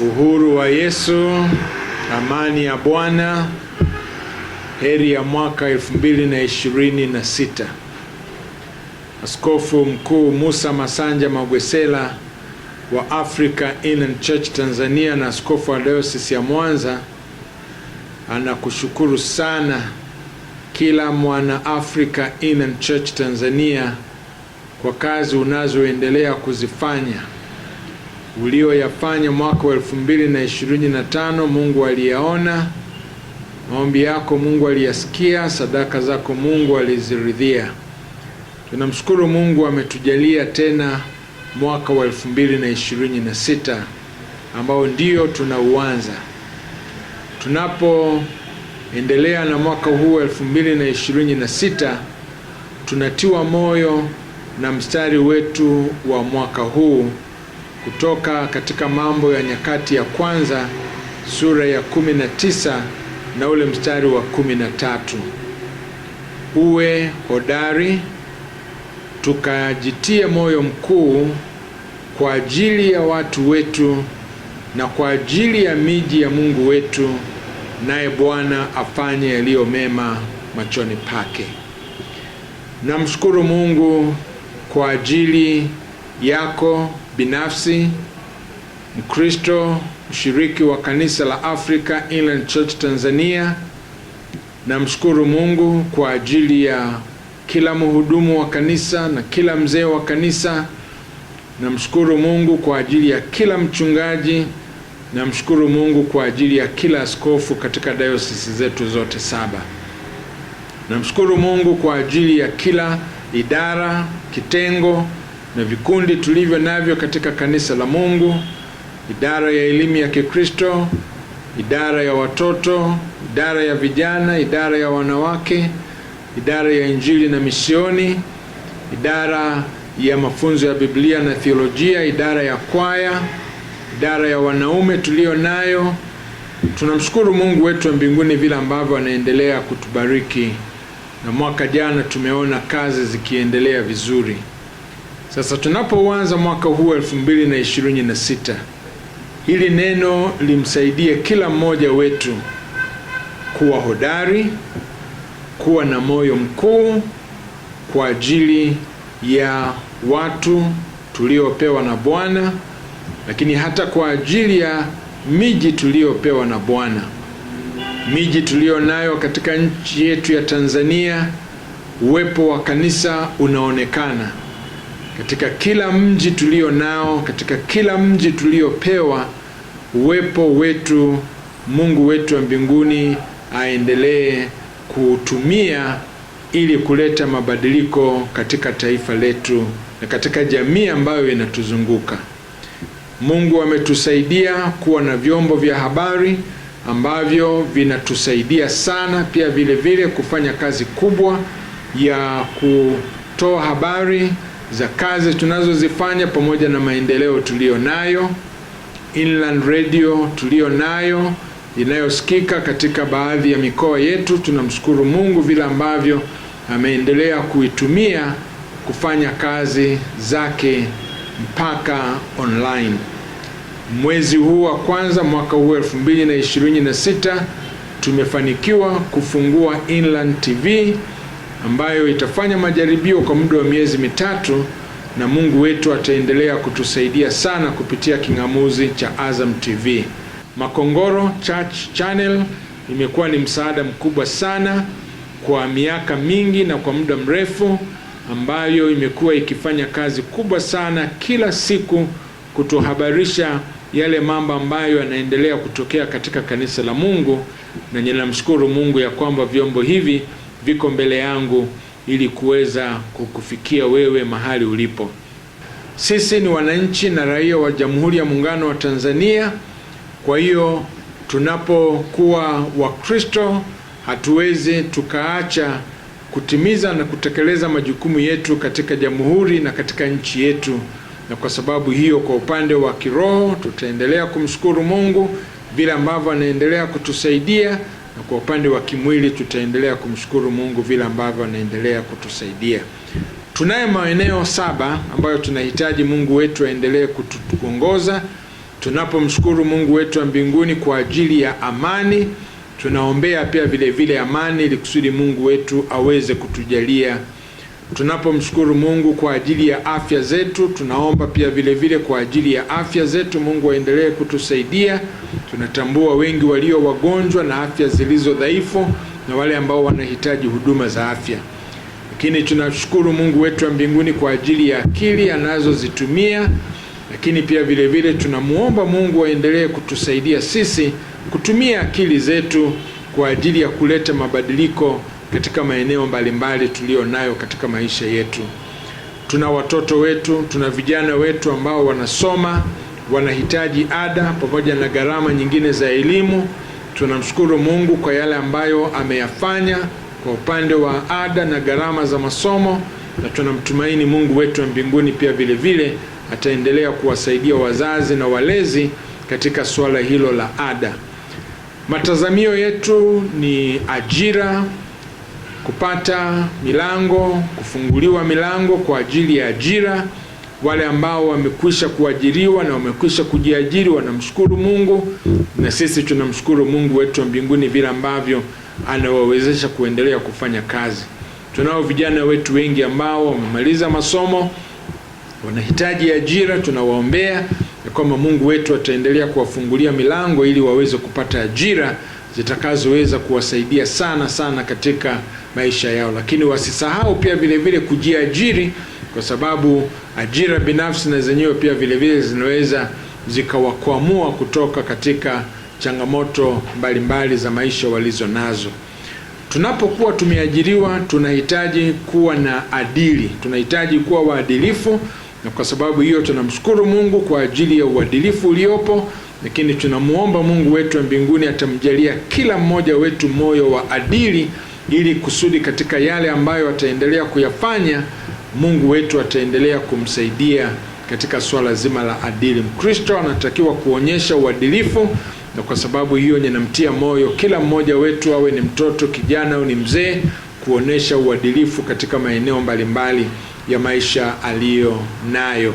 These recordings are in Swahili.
Uhuru wa Yesu, amani ya Bwana, heri ya mwaka 2026. Askofu Mkuu Musa Masanja Magwesela wa Africa Inland Church Tanzania na askofu wa Diocese ya Mwanza anakushukuru sana kila mwana Africa Inland Church Tanzania kwa kazi unazoendelea kuzifanya ulioyafanya mwaka wa elfu mbili na ishirini na tano Mungu aliyaona. Maombi yako Mungu aliyasikia, sadaka zako Mungu aliziridhia. Tunamshukuru Mungu ametujalia tena mwaka wa elfu mbili na ishirini na sita ambao ndio tunauanza. Tunapoendelea na mwaka huu wa elfu mbili na ishirini na sita tunatiwa moyo na mstari wetu wa mwaka huu kutoka katika Mambo ya Nyakati ya Kwanza sura ya kumi na tisa na ule mstari wa kumi na tatu Uwe hodari, tukajitie moyo mkuu kwa ajili ya watu wetu na kwa ajili ya miji ya Mungu wetu, naye Bwana afanye yaliyo mema machoni pake. Namshukuru Mungu kwa ajili yako binafsi, Mkristo, mshiriki wa kanisa la Africa Inland Church Tanzania. Namshukuru Mungu kwa ajili ya kila mhudumu wa kanisa na kila mzee wa kanisa. Namshukuru Mungu kwa ajili ya kila mchungaji. Namshukuru Mungu kwa ajili ya kila askofu katika dayosisi zetu zote saba. Namshukuru Mungu kwa ajili ya kila idara, kitengo na vikundi tulivyo navyo katika kanisa la Mungu, idara ya elimu ya Kikristo, idara ya watoto, idara ya vijana, idara ya wanawake, idara ya injili na misioni, idara ya mafunzo ya Biblia na theolojia, idara ya kwaya, idara ya wanaume tuliyo nayo. Tunamshukuru Mungu wetu wa mbinguni vile ambavyo anaendelea kutubariki, na mwaka jana tumeona kazi zikiendelea vizuri. Sasa tunapoanza mwaka huu sita hili neno limsaidie kila mmoja wetu kuwa hodari, kuwa na moyo mkuu kwa ajili ya watu tuliopewa na Bwana, lakini hata kwa ajili ya miji tuliyopewa na Bwana, miji tuliyo nayo katika nchi yetu ya Tanzania. Uwepo wa kanisa unaonekana katika kila mji tulio nao, katika kila mji tuliopewa, uwepo wetu Mungu wetu wa mbinguni aendelee kuutumia ili kuleta mabadiliko katika taifa letu na katika jamii ambayo inatuzunguka. Mungu ametusaidia kuwa na vyombo vya habari ambavyo vinatusaidia sana pia vile vile kufanya kazi kubwa ya kutoa habari za kazi tunazozifanya pamoja na maendeleo tuliyo nayo. Inland radio tuliyo nayo inayosikika katika baadhi ya mikoa yetu, tunamshukuru Mungu vile ambavyo ameendelea kuitumia kufanya kazi zake mpaka online. Mwezi huu wa kwanza mwaka huu sita tumefanikiwa kufungua Inland TV ambayo itafanya majaribio kwa muda wa miezi mitatu, na Mungu wetu ataendelea kutusaidia sana kupitia king'amuzi cha Azam TV. Makongoro Church Channel imekuwa ni msaada mkubwa sana kwa miaka mingi na kwa muda mrefu, ambayo imekuwa ikifanya kazi kubwa sana kila siku kutuhabarisha yale mambo ambayo yanaendelea kutokea katika kanisa la Mungu, na ninamshukuru Mungu ya kwamba vyombo hivi viko mbele yangu ili kuweza kukufikia wewe mahali ulipo. Sisi ni wananchi na raia wa Jamhuri ya Muungano wa Tanzania. Kwa hiyo tunapokuwa Wakristo hatuwezi tukaacha kutimiza na kutekeleza majukumu yetu katika jamhuri na katika nchi yetu. Na kwa sababu hiyo, kwa upande wa kiroho tutaendelea kumshukuru Mungu vile ambavyo anaendelea kutusaidia na kwa upande wa kimwili tutaendelea kumshukuru Mungu vile ambavyo anaendelea kutusaidia. Tunayo maeneo saba ambayo tunahitaji Mungu wetu aendelee kutuongoza. Tunapomshukuru Mungu wetu wa mbinguni kwa ajili ya amani, tunaombea pia vile vile amani ili kusudi Mungu wetu aweze kutujalia Tunapomshukuru Mungu kwa ajili ya afya zetu, tunaomba pia vile vile kwa ajili ya afya zetu, Mungu aendelee kutusaidia. Tunatambua wengi walio wagonjwa na afya zilizo dhaifu na wale ambao wanahitaji huduma za afya, lakini tunashukuru Mungu wetu wa mbinguni kwa ajili ya akili anazozitumia, lakini pia vile vile tunamwomba Mungu aendelee kutusaidia sisi kutumia akili zetu kwa ajili ya kuleta mabadiliko katika maeneo mbalimbali tuliyo nayo katika maisha yetu. Tuna watoto wetu, tuna vijana wetu ambao wanasoma, wanahitaji ada pamoja na gharama nyingine za elimu. Tunamshukuru Mungu kwa yale ambayo ameyafanya kwa upande wa ada na gharama za masomo, na tunamtumaini Mungu wetu wa mbinguni pia vile vile ataendelea kuwasaidia wazazi na walezi katika suala hilo la ada. Matazamio yetu ni ajira kupata milango, kufunguliwa milango kwa ajili ya ajira. Wale ambao wamekwisha kuajiriwa na wamekwisha kujiajiri wanamshukuru Mungu, na sisi tunamshukuru Mungu wetu wa mbinguni vile ambavyo anawawezesha kuendelea kufanya kazi. Tunao vijana wetu wengi ambao wamemaliza masomo wanahitaji ajira, tunawaombea ya kwamba Mungu wetu ataendelea kuwafungulia milango ili waweze kupata ajira zitakazoweza kuwasaidia sana sana katika maisha yao, lakini wasisahau pia vile vile kujiajiri, kwa sababu ajira binafsi na zenyewe pia vile vile zinaweza zikawakwamua kutoka katika changamoto mbalimbali mbali za maisha walizo nazo. Tunapokuwa tumeajiriwa, tunahitaji kuwa na adili, tunahitaji kuwa waadilifu, na kwa sababu hiyo tunamshukuru Mungu kwa ajili ya uadilifu uliopo, lakini tunamwomba Mungu wetu wa mbinguni atamjalia kila mmoja wetu moyo wa adili ili kusudi katika yale ambayo ataendelea kuyafanya Mungu wetu ataendelea kumsaidia katika swala zima la adili. Mkristo anatakiwa kuonyesha uadilifu, na kwa sababu hiyo ninamtia moyo kila mmoja wetu, awe ni mtoto, kijana au ni mzee, kuonyesha uadilifu katika maeneo mbalimbali ya maisha aliyo nayo.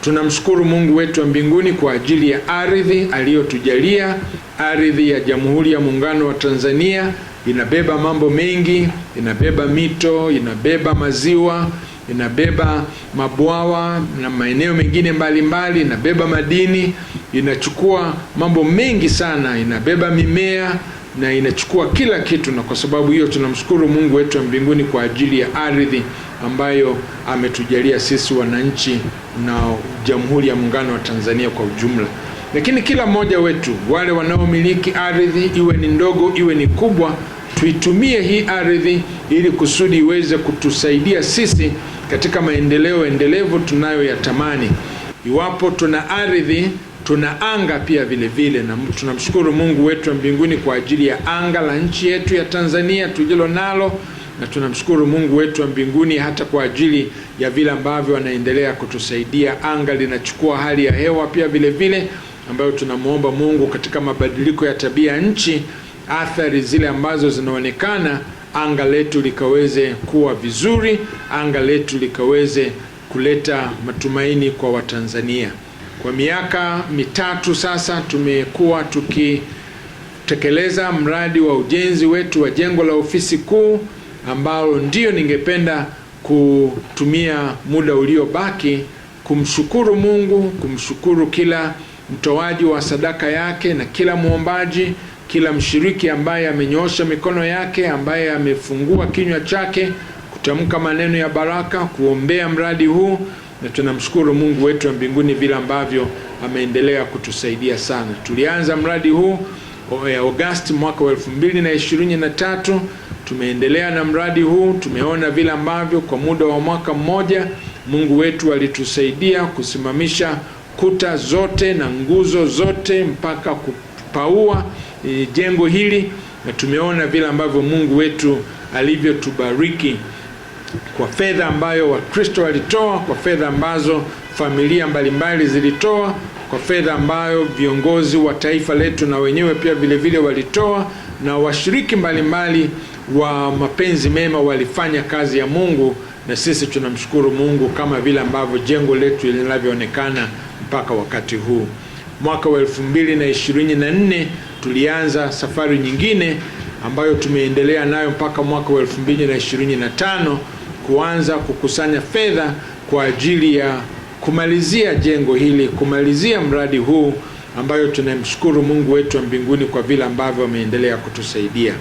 Tunamshukuru Mungu wetu wa mbinguni kwa ajili ya ardhi aliyotujalia, ardhi ya Jamhuri ya Muungano wa Tanzania inabeba mambo mengi, inabeba mito, inabeba maziwa, inabeba mabwawa na maeneo mengine mbalimbali, inabeba madini, inachukua mambo mengi sana, inabeba mimea na inachukua kila kitu, na kwa sababu hiyo tunamshukuru Mungu wetu wa mbinguni kwa ajili ya ardhi ambayo ametujalia sisi wananchi na Jamhuri ya Muungano wa Tanzania kwa ujumla. Lakini kila mmoja wetu, wale wanaomiliki ardhi, iwe ni ndogo, iwe ni kubwa tuitumie hii ardhi ili kusudi iweze kutusaidia sisi katika maendeleo endelevu tunayoyatamani. Iwapo tuna ardhi, tuna anga pia vile vile, na tunamshukuru Mungu wetu wa mbinguni kwa ajili ya anga la nchi yetu ya Tanzania tulilo nalo, na tunamshukuru Mungu wetu wa mbinguni hata kwa ajili ya vile ambavyo anaendelea kutusaidia. Anga linachukua hali ya hewa pia vile vile, ambayo tunamwomba Mungu katika mabadiliko ya tabia nchi athari zile ambazo zinaonekana, anga letu likaweze kuwa vizuri, anga letu likaweze kuleta matumaini kwa Watanzania. Kwa miaka mitatu sasa tumekuwa tukitekeleza mradi wa ujenzi wetu wa jengo la ofisi kuu ambalo ndiyo ningependa kutumia muda uliobaki kumshukuru Mungu, kumshukuru kila mtoaji wa sadaka yake na kila mwombaji kila mshiriki ambaye amenyoosha mikono yake, ambaye amefungua kinywa chake kutamka maneno ya baraka, kuombea mradi huu, na tunamshukuru Mungu wetu wa mbinguni vile ambavyo ameendelea kutusaidia sana. Tulianza mradi huu oh, Agosti mwaka wa tatu. tumeendelea na mradi huu. Tumeona vile ambavyo kwa muda wa mwaka mmoja Mungu wetu alitusaidia kusimamisha kuta zote na nguzo zote mpaka paua e, jengo hili na tumeona vile ambavyo Mungu wetu alivyotubariki kwa fedha ambayo Wakristo walitoa, kwa fedha ambazo familia mbalimbali zilitoa, kwa fedha ambayo viongozi wa taifa letu na wenyewe pia vile vile walitoa, na washiriki mbalimbali wa mapenzi mema walifanya kazi ya Mungu, na sisi tunamshukuru Mungu kama vile ambavyo jengo letu linavyoonekana mpaka wakati huu mwaka wa nne tulianza safari nyingine ambayo tumeendelea nayo mpaka mwaka wa tano kuanza kukusanya fedha kwa ajili ya kumalizia jengo hili, kumalizia mradi huu ambayo tunamshukuru Mungu wetu wa mbinguni kwa vile ambavyo ameendelea kutusaidia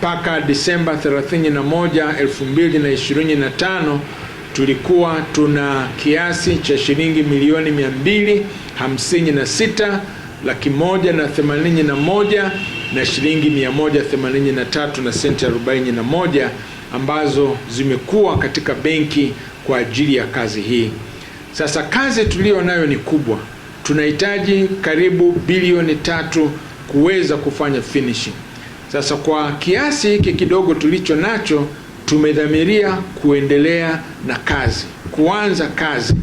mpaka Disemba 31, 2025 tulikuwa tuna kiasi cha shilingi milioni sita laki moja na themanini na moja na shilingi themanini na senti 41 ambazo zimekuwa katika benki kwa ajili ya kazi hii. Sasa kazi tuliyo nayo ni kubwa, tunahitaji karibu bilioni tatu kuweza kufanya finishing. Sasa kwa kiasi hiki kidogo tulicho nacho tumedhamiria kuendelea na kazi, kuanza kazi.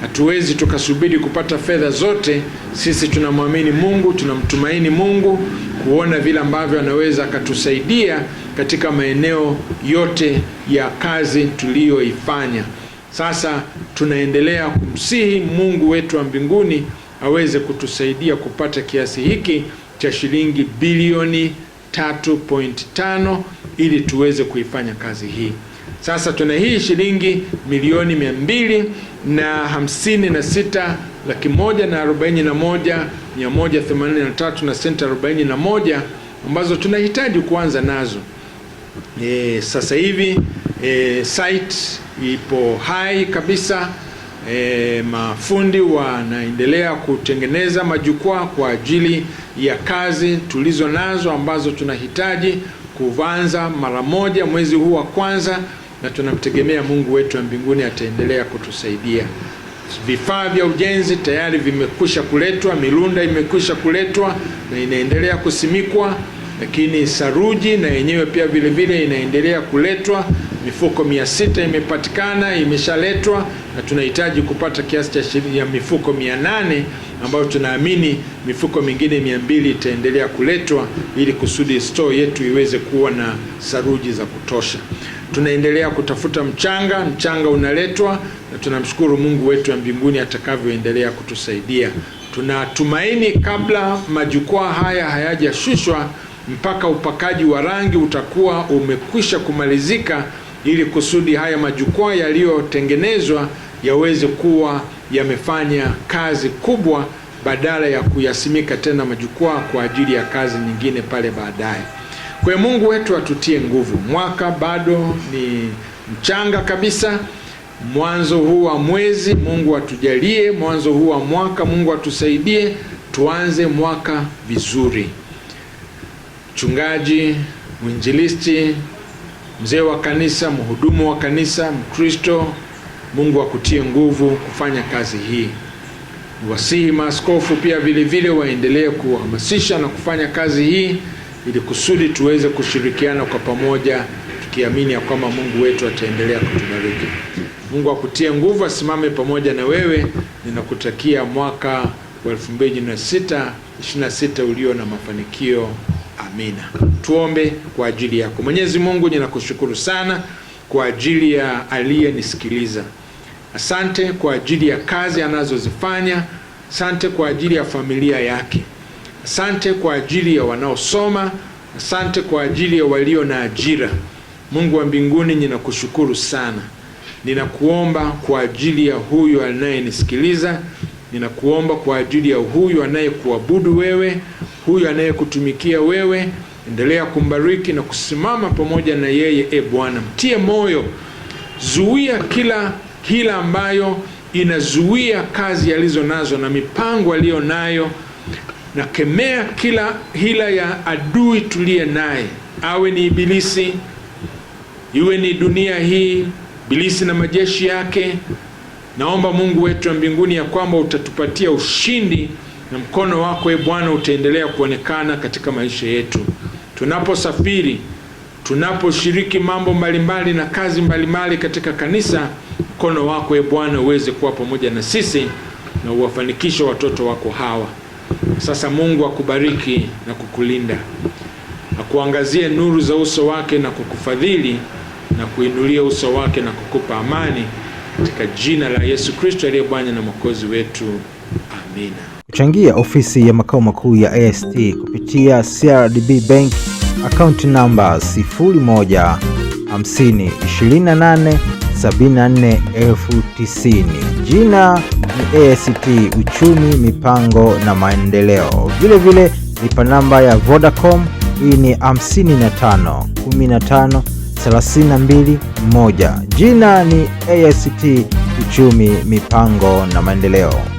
Hatuwezi tukasubiri kupata fedha zote. Sisi tunamwamini Mungu, tunamtumaini Mungu kuona vile ambavyo anaweza akatusaidia katika maeneo yote ya kazi tuliyoifanya. Sasa tunaendelea kumsihi Mungu wetu wa mbinguni aweze kutusaidia kupata kiasi hiki cha shilingi bilioni 3.5 ili tuweze kuifanya kazi hii. Sasa tuna hii shilingi milioni mia mbili na hamsini na sita laki moja na arobaini na moja mia moja themanini na tatu na senti arobaini na moja ambazo tunahitaji kuanza nazo. E, sasa hivi e, site ipo hai kabisa. E, mafundi wanaendelea kutengeneza majukwaa kwa ajili ya kazi tulizo nazo ambazo tunahitaji kuanza mara moja mwezi huu wa kwanza, na tunamtegemea Mungu wetu wa mbinguni ataendelea kutusaidia. Vifaa vya ujenzi tayari vimekwisha kuletwa, milunda imekwisha kuletwa na inaendelea kusimikwa, lakini saruji na yenyewe pia vile vile inaendelea kuletwa. Mifuko mia sita imepatikana, imeshaletwa na tunahitaji kupata kiasi cha mifuko mia nane ambayo tunaamini mifuko mingine mia mbili itaendelea kuletwa ili kusudi store yetu iweze kuwa na saruji za kutosha. Tunaendelea kutafuta mchanga, mchanga unaletwa na tunamshukuru Mungu wetu wa mbinguni atakavyoendelea kutusaidia. Tunatumaini kabla majukwaa haya hayajashushwa mpaka upakaji wa rangi utakuwa umekwisha kumalizika, ili kusudi haya majukwaa yaliyotengenezwa yaweze kuwa yamefanya kazi kubwa badala ya kuyasimika tena majukwaa kwa ajili ya kazi nyingine pale baadaye. Kwa hiyo Mungu wetu atutie nguvu. Mwaka bado ni mchanga kabisa, mwanzo huu wa mwezi Mungu atujalie, mwanzo huu wa mwaka Mungu atusaidie, tuanze mwaka vizuri. Mchungaji, mwinjilisti, mzee wa kanisa, mhudumu wa kanisa, Mkristo Mungu akutie nguvu kufanya kazi hii. Niwasihi maaskofu pia vilevile waendelee kuhamasisha na kufanya kazi hii ili kusudi tuweze kushirikiana kwa pamoja, tukiamini ya kwamba Mungu wetu ataendelea kutubariki. Mungu akutie nguvu, asimame pamoja na wewe. Ninakutakia mwaka wa 2026 ulio na mafanikio. Amina. Tuombe kwa ajili yako. Mwenyezi Mungu, ninakushukuru sana kwa ajili ya aliyenisikiliza. Asante kwa ajili ya kazi anazozifanya, asante kwa ajili ya familia yake, asante kwa ajili ya wanaosoma, asante kwa ajili ya walio na ajira. Mungu wa mbinguni, ninakushukuru sana. Ninakuomba kwa ajili ya huyu anayenisikiliza, ninakuomba kwa ajili ya huyu anayekuabudu wewe, huyu anayekutumikia wewe. Endelea kumbariki na kusimama pamoja na yeye. E Bwana, mtie moyo, zuia kila hila ambayo inazuia kazi alizo nazo na mipango aliyo nayo. Nakemea kila hila ya adui tuliye naye, awe ni Ibilisi, iwe ni dunia hii, Ibilisi na majeshi yake. Naomba Mungu wetu wa mbinguni ya kwamba utatupatia ushindi na mkono wako, e Bwana, utaendelea kuonekana katika maisha yetu tunaposafiri, tunaposhiriki mambo mbalimbali na kazi mbalimbali katika kanisa. Mkono wako e Bwana uweze kuwa pamoja na sisi na uwafanikishe watoto wako hawa. Sasa Mungu akubariki na kukulinda, akuangazie nuru za uso wake na kukufadhili na kuinulia uso wake na kukupa amani, katika jina la Yesu Kristo aliye Bwana na Mwokozi wetu, amina. Kuchangia ofisi ya makao makuu ya AST kupitia CRDB Bank, number 0150 28 74,090. Jina ni ACT Uchumi, Mipango na Maendeleo. Vilevile nipa namba ya Vodacom, hii ni 55 Jina ni ACT Uchumi, Mipango na Maendeleo.